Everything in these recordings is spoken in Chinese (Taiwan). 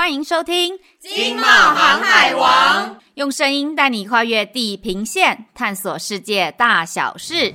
歡迎收聽《經貿航海王》，用聲音帶你跨越地平線，探索世界大小事。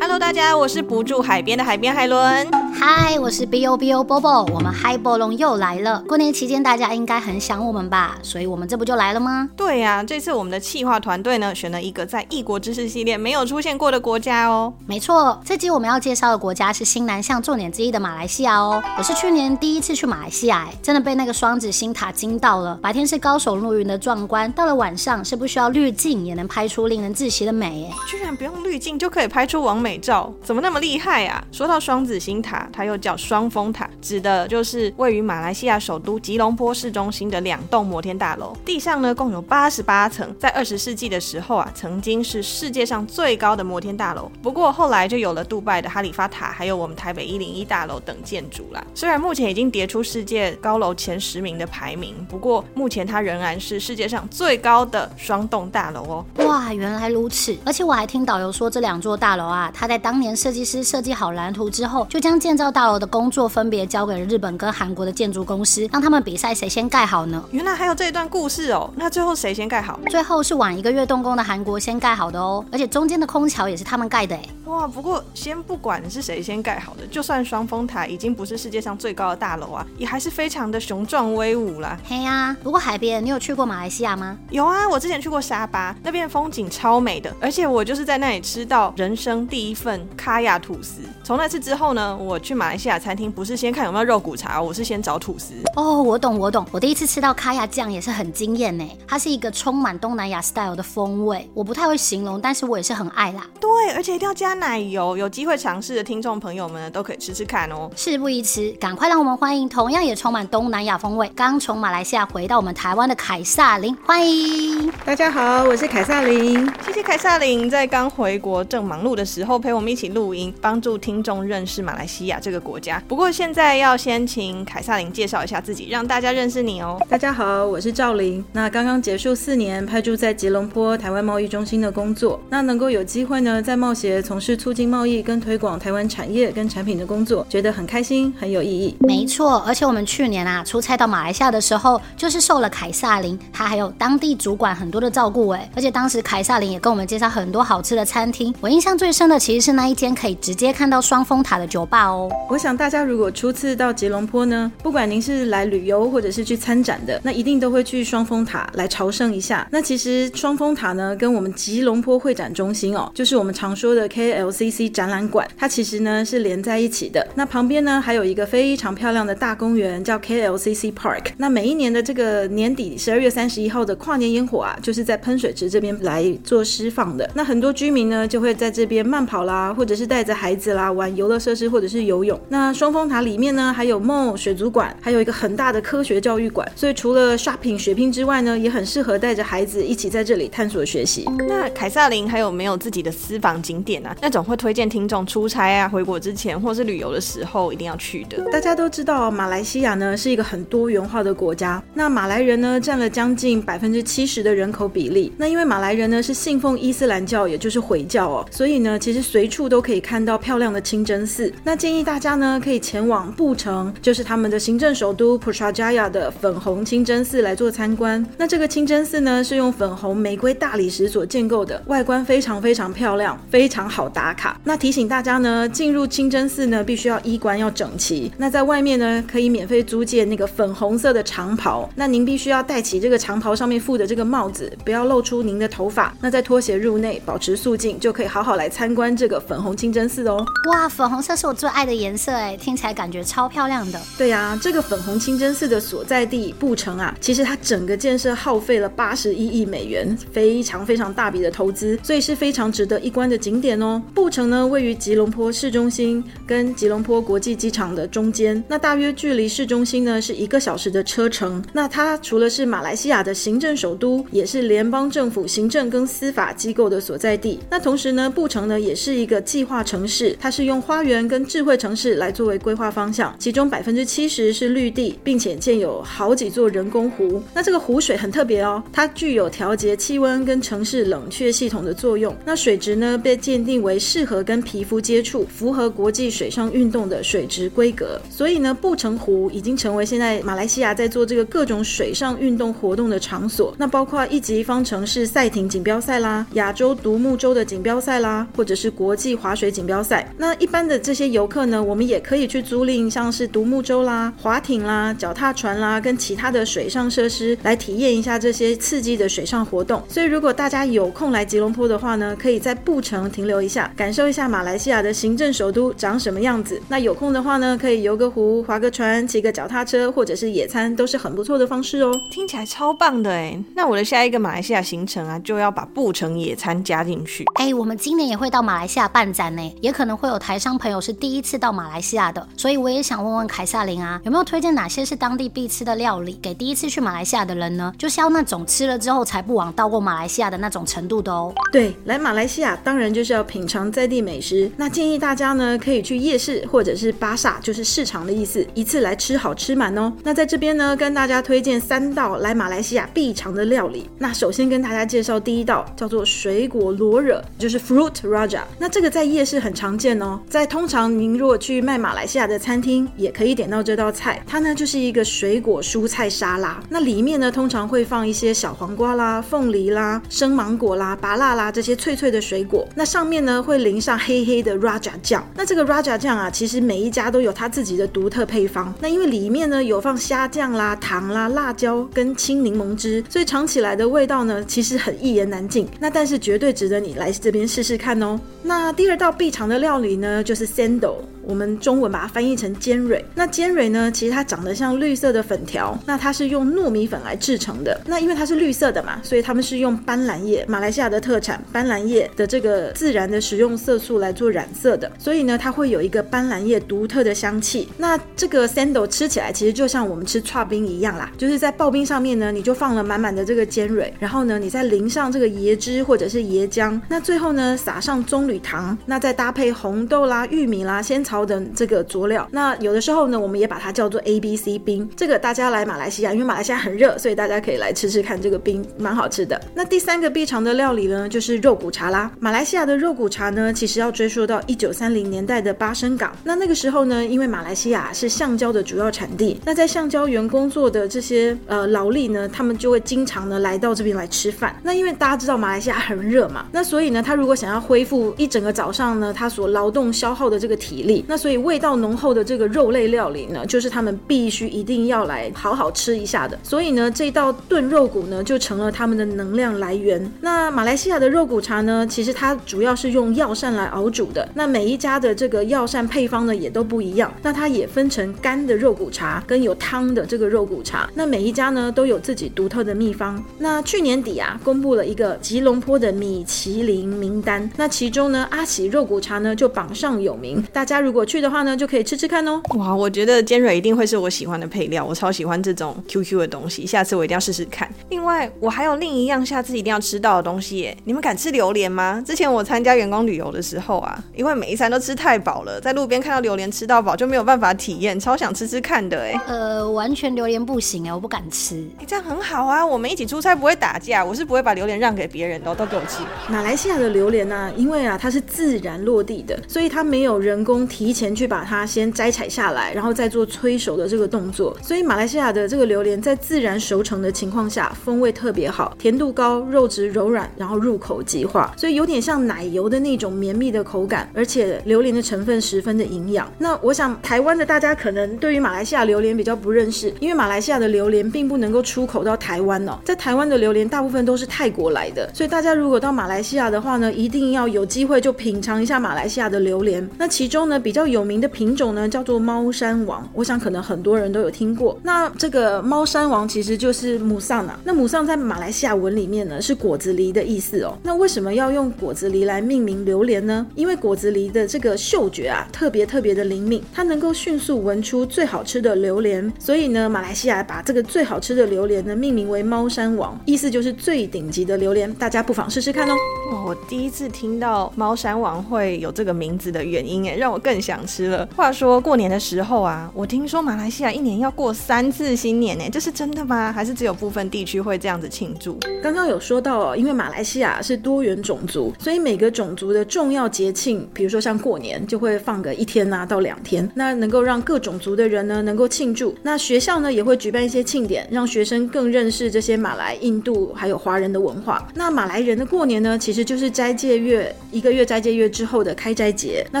Hello，大家，我是不住海邊的海邊海倫。嗨，我是 Bobo，BOBO 我們嗨波龍又來了。過年期間大家應該很想我們吧？所以，我們這不就來了嗎？對呀！啊，這次我們的企劃團隊呢，選了一個在異國知識系列沒有出現過的國家哦。沒錯，這集我們要介紹的國家是新南向重點之一的馬來西亞哦。我是去年第一次去馬來西亞，欸，真的被那個雙子星塔驚到了。白天是高聳入雲的壯觀，到了晚上是不需要濾鏡也能拍出令人窒息的美。欸，居然不用濾鏡就可以拍出網美照，怎麼那麼厲害呀？啊，說到雙子星塔。它又叫雙峰塔，指的就是位於馬來西亞首都吉隆坡市中心的兩棟摩天大樓，地上呢共有八十八層，在二十世紀的時候啊，曾經是世界上最高的摩天大樓。不過後來就有了杜拜的哈里發塔，還有我們台北一零一大樓等建築啦。雖然目前已經跌出世界高樓前十名的排名，不過目前它仍然是世界上最高的雙棟大樓哦。哇，原來如此！而且我還聽導遊說，這兩座大樓啊，它在當年設計師設計好藍圖之後，就將建造。造大樓的工作分別交給了日本跟韓國的建築公司，讓他們比賽誰先蓋好呢？原來還有這一段故事哦。那最後誰先蓋好？最後是晚一個月動工的韓國先蓋好的哦，而且中間的空橋也是他們蓋的哎。哇，不過先不管是誰先蓋好的，就算雙峰塔已經不是世界上最高的大樓啊，也還是非常的雄壯威武啦。嘿呀、啊，不過海邊，你有去過馬來西亞嗎？有啊，我之前去過沙巴，那邊風景超美的，而且我就是在那裡吃到人生第一份咖椰吐司。從那次之後呢，我去。去馬來西亞餐廳不是先看有沒有肉骨茶，我是先找吐司。哦、oh,，我懂，我懂。我第一次吃到卡亞醬也是很驚豔呢，它是一個充滿東南亞 style 的風味，我不太會形容，但是我也是很愛啦。對，而且一定要加奶油。有機會嘗試的聽眾朋友們都可以吃吃看哦、喔。事不宜遲，趕快讓我們歡迎同樣也充滿東南亞風味，剛從馬來西亞回到我們台灣的凱薩琳。歡迎，大家好，我是凱薩琳。謝謝凱薩琳在剛回國正忙碌的時候陪我們一起錄音，幫助聽眾認識馬來西亞。這個國家。不過，現在要先請凱薩琳介紹一下自己，讓大家認識你哦。大家好，我是趙琳。那剛剛結束四年派駐在吉隆坡台灣貿易中心的工作，那能夠有機會呢在貿協從事促進貿易跟推廣台灣產業跟產品的工作，覺得很開心，很有意義。沒錯，而且我們去年啊出差到馬來西亞的時候，就是受了凱薩琳，他還有當地主管很多的照顧誒。而且當時凱薩琳也跟我們介紹很多好吃的餐廳。我印象最深的其實是那一間可以直接看到雙峰塔的酒吧哦。我想大家如果初次到吉隆坡呢，不管您是來旅遊或者是去參展的，那一定都會去雙峰塔來朝聖一下。那其實雙峰塔呢，跟我們吉隆坡會展中心哦，就是我們常說的 KLCC 展覽館，它其實呢是連在一起的。那旁邊呢還有一個非常漂亮的大公園，叫 KLCC Park。那每一年的這個年底十二月三十一號的跨年煙火啊，就是在噴水池這邊來做釋放的。那很多居民呢就會在這邊慢跑啦，或者是帶着孩子啦玩遊樂設施，或者是游游泳。那雙峰塔裡面呢，還有夢水族館，還有一個很大的科學教育館。所以除了 shopping 血拼之外呢，也很適合帶着孩子一起在這裡探索學習。嗯。那凱薩琳還有沒有自己的私房景點啊？那種會推薦聽眾出差啊、回國之前或是旅遊的時候一定要去的。大家都知道，馬來西亞呢是一個很多元化的國家。那馬來人呢占了將近百分之七十的人口比例。那因為馬來人呢是信奉伊斯蘭教，也就是回教哦，所以呢其實隨處都可以看到漂亮的清真寺。那建議。大家呢可以前往布城，就是他們的行政首都普特拉再也的粉紅清真寺來做參觀。那這個清真寺呢是用粉紅玫瑰大理石所建構的，外觀非常非常漂亮，非常好打卡。那提醒大家呢，進入清真寺呢必須要衣冠要整齊。那在外面呢可以免費租借那個粉紅色的長袍，那您必須要戴起這個長袍上面附的這個帽子，不要露出您的頭髮。那在脫鞋入內，保持肅靜，就可以好好來參觀這個粉紅清真寺哦。哇，粉紅色是我最愛的。的顏色誒、欸，聽起來感覺超漂亮的。對呀、啊，這個粉紅清真寺的所在地布城啊，其實它整個建設耗費了八十一億美元，非常非常大筆的投資，所以是非常值得一觀的景點哦。布城呢，位於吉隆坡市中心跟吉隆坡國際機場的中間，那大約距離市中心呢是一個小時的車程。那它除了是馬來西亞的行政首都，也是聯邦政府行政跟司法機構的所在地。那同時呢，布城呢也是一個計劃城市，它是用花園跟智慧城市來作為規劃方向，其中百分之七十是綠地，並且建有好幾座人工湖。那這個湖水很特別哦，它具有調節氣溫跟城市冷卻系統的作用。那水質呢，被鑑定為適合跟皮膚接觸，符合國際水上運動的水質規格。所以呢，布城湖已經成為現在馬來西亞在做這個各種水上運動活動的場所。那包括一級方程式賽艇錦標賽啦、亞洲獨木舟的錦標賽啦，或者是國際滑水錦標賽。那一般的這些遊客呢，那我們也可以去租賃像是獨木舟啦、划艇啦、腳踏船啦，跟其他的水上設施來體驗一下這些刺激的水上活動。所以如果大家有空來吉隆坡的話呢，可以在布城停留一下，感受一下馬來西亞的行政首都長什麼樣子。那有空的話呢，可以游個湖、划個船、騎個腳踏車，或者是野餐，都是很不錯的方式哦。聽起來超棒的誒。那我的下一個馬來西亞行程啊，就要把布城野餐加進去。誒、欸，我們今年也會到馬來西亞辦展呢，也可能會有台商朋友是第一次。到馬來西亞的，所以我也想問問凱薩琳啊，有沒有推薦哪些是當地必吃的料理給第一次去馬來西亞的人呢？就是要那種吃了之後才不枉到過馬來西亞的那種程度的哦。對，來馬來西亞當然就是要品嘗在地美食，那建議大家呢，可以去夜市或者是巴剎，就是市場的意思，一次來吃好吃滿哦。那在這邊呢，跟大家推薦三道來馬來西亞必嘗的料理。那首先跟大家介紹第一道叫做水果羅惹，就是 fruit raja。那這個在夜市很常見哦，在通常您若如果去賣馬來西亞的餐廳也可以點到這道菜，它呢就是一個水果蔬菜沙拉，那裡面呢通常會放一些小黃瓜啦、鳳梨啦、生芒果啦、芭樂啦這些脆脆的水果，那上面呢會淋上黑黑的 Raja 醬，那這個 Raja 醬啊，其實每一家都有它自己的獨特配方，那因為裡面呢有放蝦醬啦、糖啦、辣椒跟青檸檬汁，所以嚐起來的味道呢其實很一言難盡，那但是絕對值得你來這邊試試看哦。那第二道必嚐的料理呢就是 Sandal。我們中文把它翻譯成尖蕊，那尖蕊呢，其實它長得像綠色的粉條，那它是用糯米粉來製成的。那因為它是綠色的嘛，所以它們是用斑斕葉，馬來西亞的特產，斑斕葉的這個自然的食用色素來做染色的，所以呢，它會有一個斑斕葉獨特的香氣。那這個 sandal 吃起來其實就像我們吃刨冰一樣啦，就是在刨冰上面呢，你就放了滿滿的這個尖蕊，然後呢，你再淋上這個椰汁或者是椰漿，那最後呢，撒上棕櫚糖，那再搭配紅豆啦、玉米啦、仙草的這個佐料，那有的時候呢，我們也把它叫做 A B C 冰。這個大家來馬來西亞，因為馬來西亞很熱，所以大家可以來吃吃看這個冰，蠻好吃的。那第三個必嘗的料理呢，就是肉骨茶啦。馬來西亞的肉骨茶呢，其實要追溯到一九三零年代的巴生港。那那個時候呢，因為馬來西亞是橡膠的主要產地，那在橡膠園工作的這些呃勞力呢，他們就會經常呢來到這邊來吃飯。那因為大家知道馬來西亞很熱嘛，那所以呢，他如果想要恢復一整個早上呢，他所勞動消耗的這個體力，那所以味道濃厚的這個肉類料理呢，就是他們必須一定要來好好吃一下的。所以呢，這道燉肉骨呢就成了他們的能量來源。那馬來西亞的肉骨茶呢，其實它主要是用藥膳來熬煮的。那每一家的這個藥膳配方呢也都不一樣。那它也分成乾的肉骨茶跟有湯的這個肉骨茶。那每一家呢都有自己獨特的秘方。那去年底啊，公布了一個吉隆坡的米其林名單，那其中呢，阿喜肉骨茶呢就榜上有名。大家如果如果去的話呢，就可以吃吃看哦。哇，我覺得煎蕊一定會是我喜歡的配料，我超喜歡這種 Q Q 的東西，下次我一定要試試看。另外，我還有另一樣下次一定要吃到的東西耶，你們敢吃榴蓮嗎？之前我參加員工旅遊的時候啊，因為每一餐都吃太飽了，在路邊看到榴蓮吃到飽就沒有辦法體驗，超想吃吃看的哎。呃，完全榴蓮不行哎，我不敢吃。你這樣很好啊，我們一起出差不會打架，我是不會把榴蓮讓給別人的哦，都給我吃。馬來西亞的榴蓮呢，啊，因為啊它是自然落地的，所以它沒有人工提。提前去把它先摘採下來，然後再做催熟的這個動作。所以馬來西亞的這個榴蓮在自然熟成的情況下，風味特別好，甜度高，肉質柔軟，然後入口即化，所以有點像奶油的那種綿密的口感。而且榴蓮的成分十分的營養。那我想台灣的大家可能對於馬來西亞榴蓮比較不認識，因為馬來西亞的榴蓮並不能夠出口到台灣哦。在台灣的榴蓮大部分都是泰國來的，所以大家如果到馬來西亞的話呢，一定要有機會就品嘗一下馬來西亞的榴蓮。那其中呢比。比較有名的品種呢，叫做貓山王，我想可能很多人都有聽過。那這個貓山王其實就是母桑啊。那母桑在馬來西亞文裡面呢是果子狸的意思哦、喔。那為什麼要用果子狸來命名榴蓮呢？因為果子狸的這個嗅覺啊特別特別的靈敏，它能夠迅速聞出最好吃的榴蓮。所以呢，馬來西亞把這個最好吃的榴蓮呢命名為貓山王，意思就是最頂級的榴蓮。大家不妨試試看、喔、哦。我第一次聽到貓山王會有這個名字的原因，誒，讓我更。想吃了。話說過年的時候啊，我聽說馬來西亞一年要過三次新年呢。這是真的嗎？還是只有部分地區會這樣子慶祝？剛剛有說到哦，因為馬來西亞是多元種族，所以每個種族的重要節慶，比如說像過年，就會放個一天啊，到兩天，那能夠讓各種族的人呢能夠慶祝。那學校呢也會舉辦一些慶典，讓學生更認識這些馬來、印度還有華人的文化。那馬來人的過年呢，其實就是齋戒月一個月齋戒月之後的開齋節。那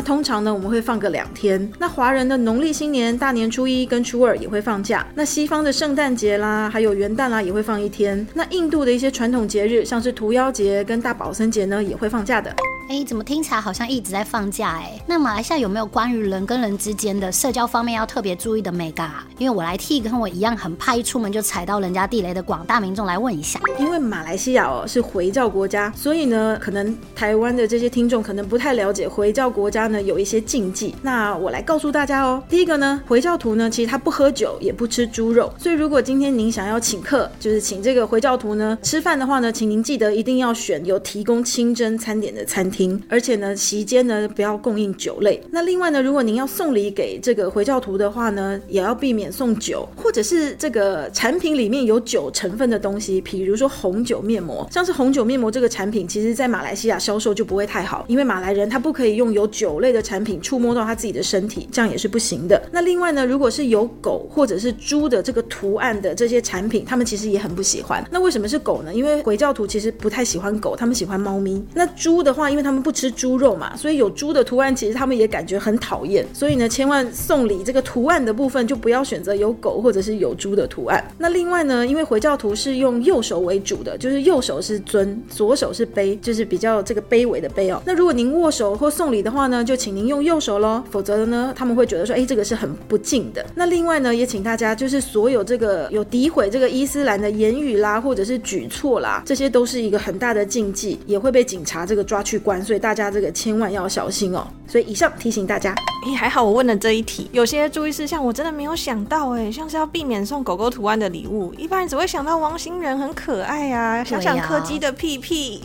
通常呢我們會放，放個兩天，那華人的農曆新年，大年初一跟初二也會放假。那西方的聖誕節啦，還有元旦啦、啊，也會放一天。那印度的一些傳統節日，像是屠妖節跟大寶森節呢，也會放假的。哎，怎麼聽起來好像一直在放假？哎，那馬來西亞有沒有關於人跟人之間的社交方面要特別注意的眉角？因為我來替跟我一樣很怕一出門就踩到人家地雷的廣大民眾來問一下。因為馬來西亞哦是回教國家，所以呢，可能台灣的這些聽眾可能不太了解回教國家呢有一些禁忌。那我來告訴大家哦，第一個呢，回教徒呢其實他不喝酒也不吃豬肉，所以如果今天您想要請客，就是請這個回教徒呢吃飯的話呢，請您記得一定要選有提供清真餐點的餐廳。停，而且呢，席間呢不要供應酒類。那另外呢，如果您要送禮給這個回教徒的話呢，也要避免送酒，或者是這個產品裡面有酒成分的東西，比如說紅酒面膜。像是紅酒面膜這個產品，其實在馬來西亞銷售就不會太好，因為馬來人他不可以用有酒類的產品觸摸到他自己的身體，這樣也是不行的。那另外呢，如果是有狗或者是豬的這個圖案的這些產品，他們其實也很不喜歡。那為什麼是狗呢？因為回教徒其實不太喜歡狗，他們喜歡貓咪。那豬的話，因為他們不吃豬肉嘛，所以有豬的圖案，其實他們也感覺很討厭。所以呢，千萬送禮這個圖案的部分就不要選擇有狗或者是有豬的圖案。那另外呢，因為回教徒是用右手為主的，就是右手是尊，左手是卑，就是比較這個卑微的卑哦。那如果您握手或送禮的話呢，就請您用右手咯，否則呢，他們會覺得說，誒，這個是很不敬的。那另外呢，也請大家就是所有這個有詆毀這個伊斯蘭的言語啦，或者是舉措啦，這些都是一個很大的禁忌，也會被警察這個抓去關。所以大家這個千萬要小心哦、喔。所以以上提醒大家。咦，還好我問了這一題，有些注意事項我真的沒有想到哎、欸，像是要避免送狗狗圖案的禮物。一般人只會想到汪星人很可愛啊，想想柯基的屁屁。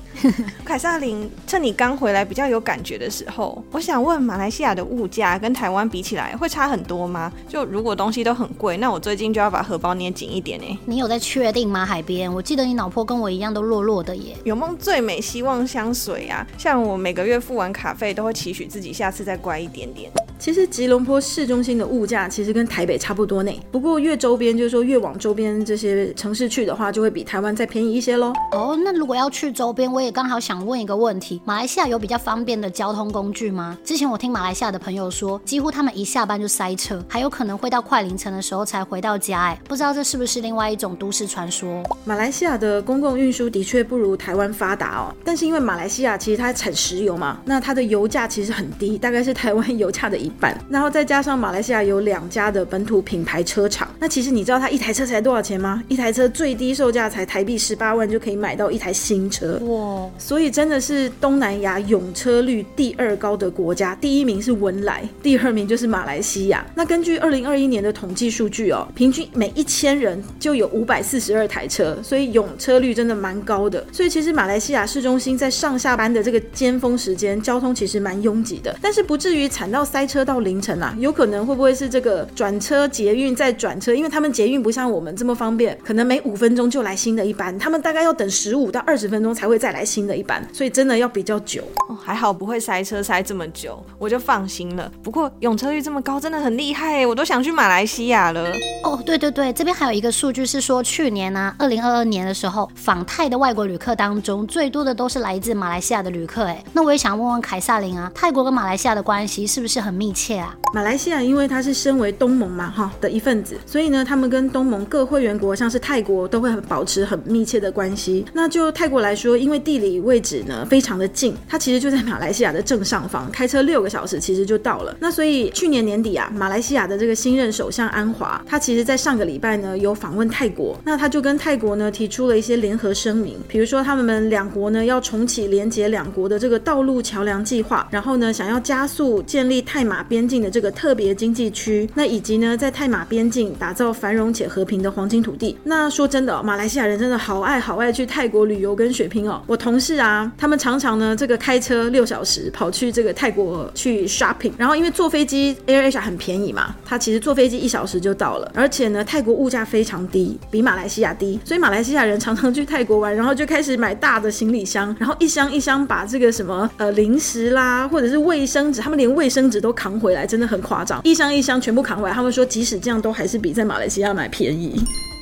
凱薩琳，趁你剛回來比較有感覺的時候，我想問，馬來西亞的物價跟台灣比起來會差很多嗎？就如果東西都很貴，那我最近就要把荷包捏緊一點呢。你有在確定嗎？海邊，我記得你老婆跟我一樣都弱弱的耶。有夢最美希望香水啊，像。我每個月付完卡費，都會期許自己下次再乖一點點。其實吉隆坡市中心的物價其實跟台北差不多呢，欸，不過越周邊，就是說越往周邊這些城市去的話，就會比台灣再便宜一些嘍。哦，那如果要去周邊，我也剛好想問一個問題：馬來西亞有比較方便的交通工具嗎？之前我聽馬來西亞的朋友說，幾乎他們一下班就塞車，還有可能會到快凌晨的時候才回到家，欸。哎，不知道這是不是另外一種都市傳說？馬來西亞的公共運輸的確不如台灣發達哦，但是因為馬來西亞其實它產石油嘛，那它的油價其實很低，大概是台灣油價的一。一半，然後再加上馬來西亞有兩家的本土品牌車廠，那其實你知道它一台車才多少錢嗎？一台車最低售價才台幣十八萬就可以買到一台新車，哇！所以真的是東南亞擁車率第二高的國家，第一名是文萊，第二名就是馬來西亞。那根據二零二一年的統計數據哦，平均每一千人就有五百四十二台車，所以擁車率真的蠻高的。所以其實馬來西亞市中心在上下班的這個尖峰時間，交通其實蠻擁擠的，但是不至於慘到塞車，車到凌晨啊，有可能會不會是這個轉車捷運再轉車？因為他們捷運不像我們這麼方便，可能每五分鐘就來新的一班，他們大概要等十五到二十分鐘才會再來新的一班，所以真的要比較久。哦、還好不會塞車塞這麼久，我就放心了。不過擁車率這麼高，真的很厲害。欸、我都想去馬來西亞了。哦，對對對，這邊還有一個數據是說，去年啊，二零二二年的時候，訪泰的外國旅客當中，最多的都是來自馬來西亞的旅客。欸、那我也想問問凱薩琳啊，泰國跟馬來西亞的關係是不是很密？密切啊，馬來西亞因為它是身為東盟嘛哈的一份子，所以呢，他們跟東盟各會員國，像是泰國，都會很保持很密切的關係。那就泰國來說，因為地理位置呢非常的近，它其實就在馬來西亞的正上方，開車六個小時其實就到了。那所以去年年底啊，馬來西亞的這個新任首相安華，他其實在上個禮拜呢有訪問泰國，那他就跟泰國呢提出了一些聯合聲明，比如說他們兩國呢要重啟連接兩國的這個道路橋樑計劃，然後呢想要加速建立泰馬。馬邊境的這個特別經濟區，那以及呢，在泰馬邊境打造繁榮且和平的黃金土地。那說真的哦，馬來西亞人真的好愛好愛去泰國旅遊跟血拼哦。我同事啊，他們常常呢，這個開車六小時跑去這個泰國去 shopping，然後因為坐飛機 Air Asia 很便宜嘛，他其實坐飛機一小時就到了，而且呢，泰國物價非常低，比馬來西亞低，所以馬來西亞人常常去泰國玩，然後就開始買大的行李箱，然後一箱一箱把這個什麼呃零食啦，或者是衛生紙，他們連衛生紙都扛。扛回來真的很誇張，一箱一箱全部扛回來。他們說，即使這樣，都還是比在馬來西亞買便宜。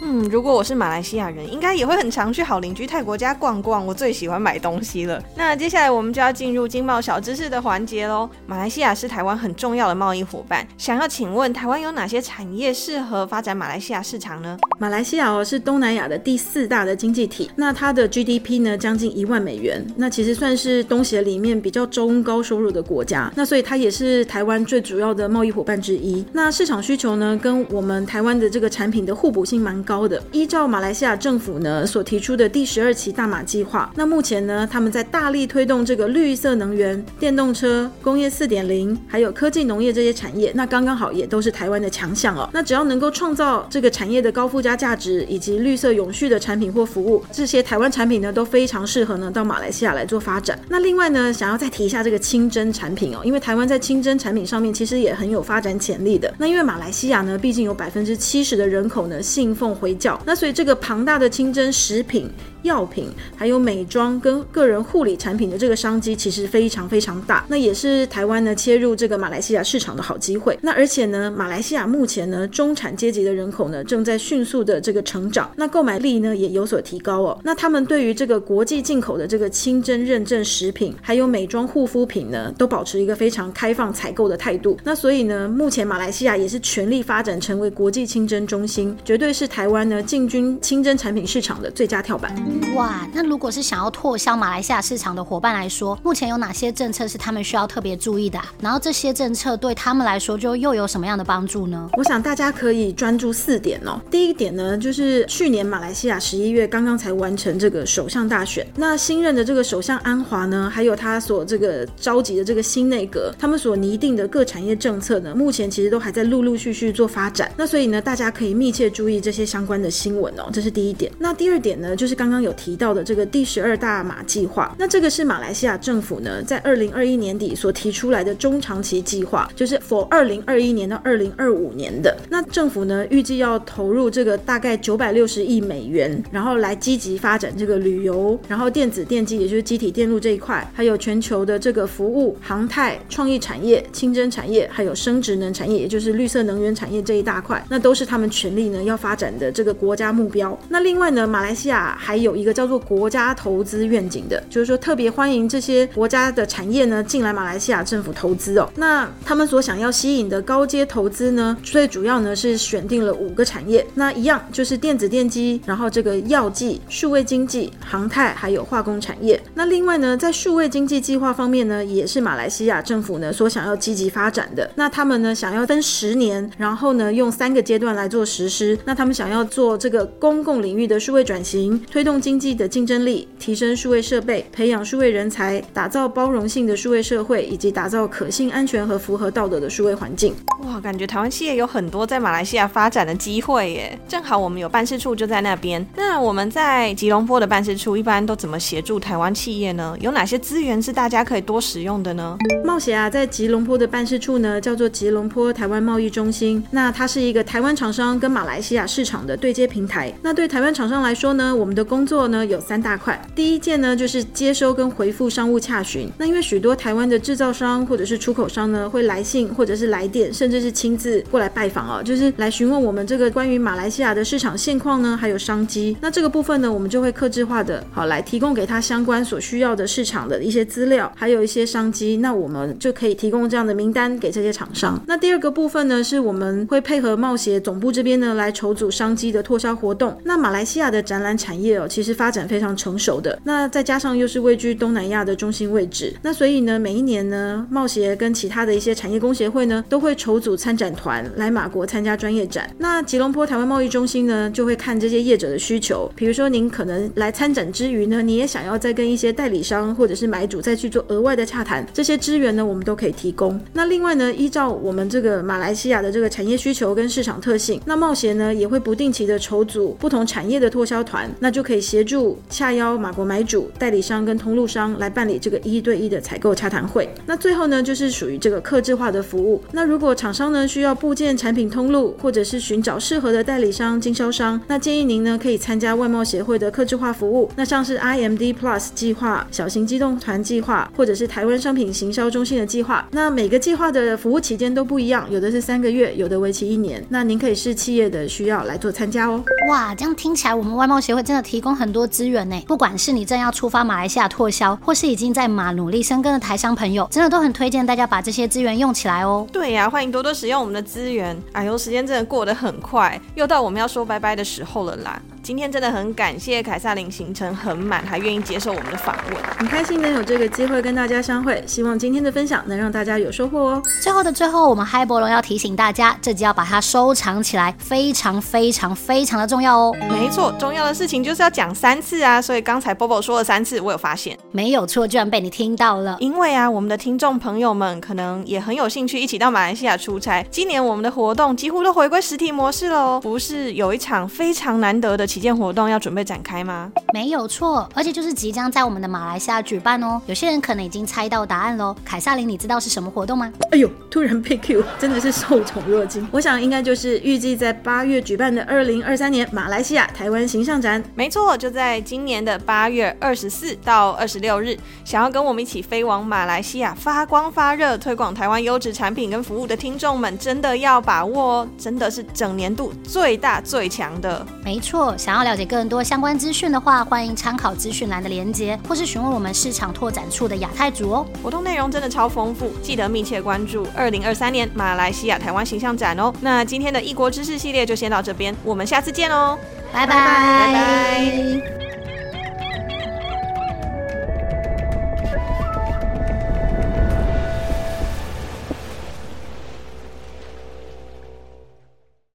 嗯，如果我是馬來西亞人，應該也會很常去好鄰居泰國家逛逛，我最喜歡買東西了。那接下來我們就要進入經貿小知識的環節嘍。馬來西亞是台灣很重要的貿易夥伴。想要請問，台灣有哪些產業適合發展馬來西亞市場呢？馬來西亞是東南亞的第四大的經濟體，那它的 GDP 呢將近一萬美元，那其實算是東協裡面比較中高收入的國家。那所以它也是台灣最主要的貿易夥伴之一。那市場需求呢跟我們台灣的這個產品的互補性蠻高。高的。依照馬來西亞政府呢所提出的第十二期大馬計劃，那目前呢他們在大力推動這個綠色能源、電動車、工業四點零，還有科技農業這些產業，那剛剛好也都是台灣的強項哦。那只要能夠創造這個產業的高附加價值以及綠色永續的產品或服務，這些台灣產品呢都非常適合呢到馬來西亞來做發展。那另外呢，想要再提一下這個清真產品哦，因為台灣在清真產品上面其實也很有發展潛力的。那因為馬來西亞呢，畢竟有百分之七十的人口呢信奉回圍剿，那所以這個龐大的清真食品、藥品、還有美妝跟個人護理產品的這個商機其實非常非常大，那也是台灣呢切入這個馬來西亞市場的好機會。那而且呢，馬來西亞目前呢中產階級的人口呢正在迅速的這個成長，那購買力呢也有所提高哦。那他們對於這個國際進口的這個清真認證食品，還有美妝護膚品呢，都保持一個非常開放採購的態度。那所以呢，目前馬來西亞也是全力發展成為國際清真中心，絕對是台灣呢進軍清真產品市場的最佳跳板。哇，那如果是想要拓銷馬來西亞市場的夥伴來說，目前有哪些政策是他們需要特別注意的啊？然後這些政策對他們來說就又有什麼樣的幫助呢？我想大家可以專注四點哦。第一點呢，就是去年馬來西亞十一月剛剛才完成這個首相大選，那新任的這個首相安華呢，還有他所這個召集的這個新內閣，他們所擬定的各產業政策呢，目前其實都還在陸陸續續做發展。那所以呢，大家可以密切注意這些相關的新聞哦，這是第一點。那第二點呢，就是剛剛。剛有提到的這個第十二大馬計劃，那這個是馬來西亞政府呢在二零二一年底所提出來的中長期計劃，就是 for 二零二一年到二零二五年的。那政府呢預計要投入這個大概九百六十億美元，然後來積極發展這個旅遊，然後電子電機，也就是積體電路這一塊，還有全球的這個服務、航太、創意產業、清真產業，還有生質能產業，也就是綠色能源產業這一大塊，那都是他們全力呢要發展的這個國家目標。那另外呢，馬來西亞還有有一個叫做國家投資願景的，就是說特別歡迎這些國家的產業呢進來馬來西亞政府投資哦。那他們所想要吸引的高階投資呢，最主要呢是選定了五個產業，那一樣就是電子電機，然後這個藥劑、數位經濟、航太還有化工產業。那另外呢，在數位經濟計劃方面呢，也是馬來西亞政府呢所想要積極發展的。那他們呢想要分十年，然後呢用三個階段來做實施。那他們想要做這個公共領域的數位轉型，推動。經濟的競爭力，提升數位設備，培養數位人才，打造包容性的數位社會，以及打造可信、安全和符合道德的數位環境。哇，感覺臺灣企業有很多在馬來西亞發展的機會耶！正好我們有辦事處就在那邊。那我們在吉隆坡的辦事處一般都怎麼協助臺灣企業呢？有哪些資源是大家可以多使用的呢？冒險啊，在吉隆坡的辦事處呢，叫做吉隆坡臺灣貿易中心。那它是一個臺灣廠商跟馬來西亞市場的對接平台。那對臺灣廠商來說呢，我們的公共工作呢有三大塊，第一件呢就是接收跟回覆商務洽詢，那因為許多台灣的制造商或者是出口商呢會來信或者是來電，甚至是親自過來拜訪哦，就是來詢問我們這個關於馬來西亞的市場現況呢，還有商機。那這個部分呢，我們就會客制化的，好來提供給他相關所需要的市場的一些資料，還有一些商機，那我們就可以提供這樣的名單給這些廠商。那第二個部分呢，是我們會配合貿協總部這邊呢來籌組商機的拓銷活動。那馬來西亞的展覽產業哦。其實發展非常成熟的，那再加上又是位居東南亞的中心位置，那所以呢，每一年呢，貿協跟其他的一些產業工協會呢，都會籌組參展團來馬國參加專業展。那吉隆坡台灣貿易中心呢，就會看這些業者的需求，比如說您可能來參展之餘呢，你也想要再跟一些代理商或者是買主再去做額外的洽談，這些資源呢，我們都可以提供。那另外呢，依照我們這個馬來西亞的這個產業需求跟市場特性，那貿協呢也會不定期的籌組不同產業的拓銷團，那就可以。協助洽邀馬國買主、代理商跟通路商來辦理這個一對一的採購洽談會。那最後呢，就是屬於這個客製化的服務。那如果廠商呢，需要部件產品通路，或者是尋找適合的代理商、經銷商，那建議您呢可以參加外貿協會的客製化服務。那像是 IMD Plus 計劃、小型機動團計劃，或者是台灣商品行銷中心的計劃。那每個計劃的服務期間都不一樣，有的是三個月，有的為期一年。那您可以視企業的需要來做參加哦。哇，這樣聽起來我們外貿協會真的提供。很多資源呢，不管是你正要出發馬來西亞拓銷，或是已經在馬努力生根的台商朋友，真的都很推薦大家把這些資源用起來哦。對呀、啊，歡迎多多使用我們的資源。哎呦，時間真的過得很快，又到我們要說拜拜的時候了啦。今天真的很感謝凱薩琳，行程很滿，還願意接受我們的訪問，很開心能有這個機會跟大家相會。希望今天的分享能讓大家有收穫哦。最後的最後，我們嗨伯龍要提醒大家，這集要把它收藏起來，非常非常非常的重要哦。沒錯，重要的事情就是要講三次啊。所以剛才波波說了三次，我有發現。沒有錯，居然被你聽到了。因為啊，我們的聽眾朋友們可能也很有興趣一起到馬來西亞出差。今年我們的活動幾乎都回歸實體模式了哦，不是有一場非常難得的。旗艦活動要準備展開嗎？沒有錯，而且就是即將在我們的馬來西亞舉辦哦。有些人可能已經猜到答案嘍。凱薩琳，你知道是什麼活動嗎？哎呦，突然被 Q，真的是受寵若驚。 我想應該就是預計在八月舉辦的二零二三年馬來西亞台灣形象展。沒錯，就在今年的八月二十四到二十六日。想要跟我們一起飛往馬來西亞發光發熱，推廣台灣優質產品跟服務的聽眾們，真的要把握哦。真的是整年度最大最強的。沒錯。想要了解更多相關資訊的話，歡迎參考資訊欄的連結，或是詢問我們市場拓展處的亞太組哦。活動內容真的超豐富，記得密切關注二零二三年馬來西亞台灣形象展哦。那今天的異國知識系列就先到這邊，我們下次見哦，拜拜拜拜。Bye bye bye bye。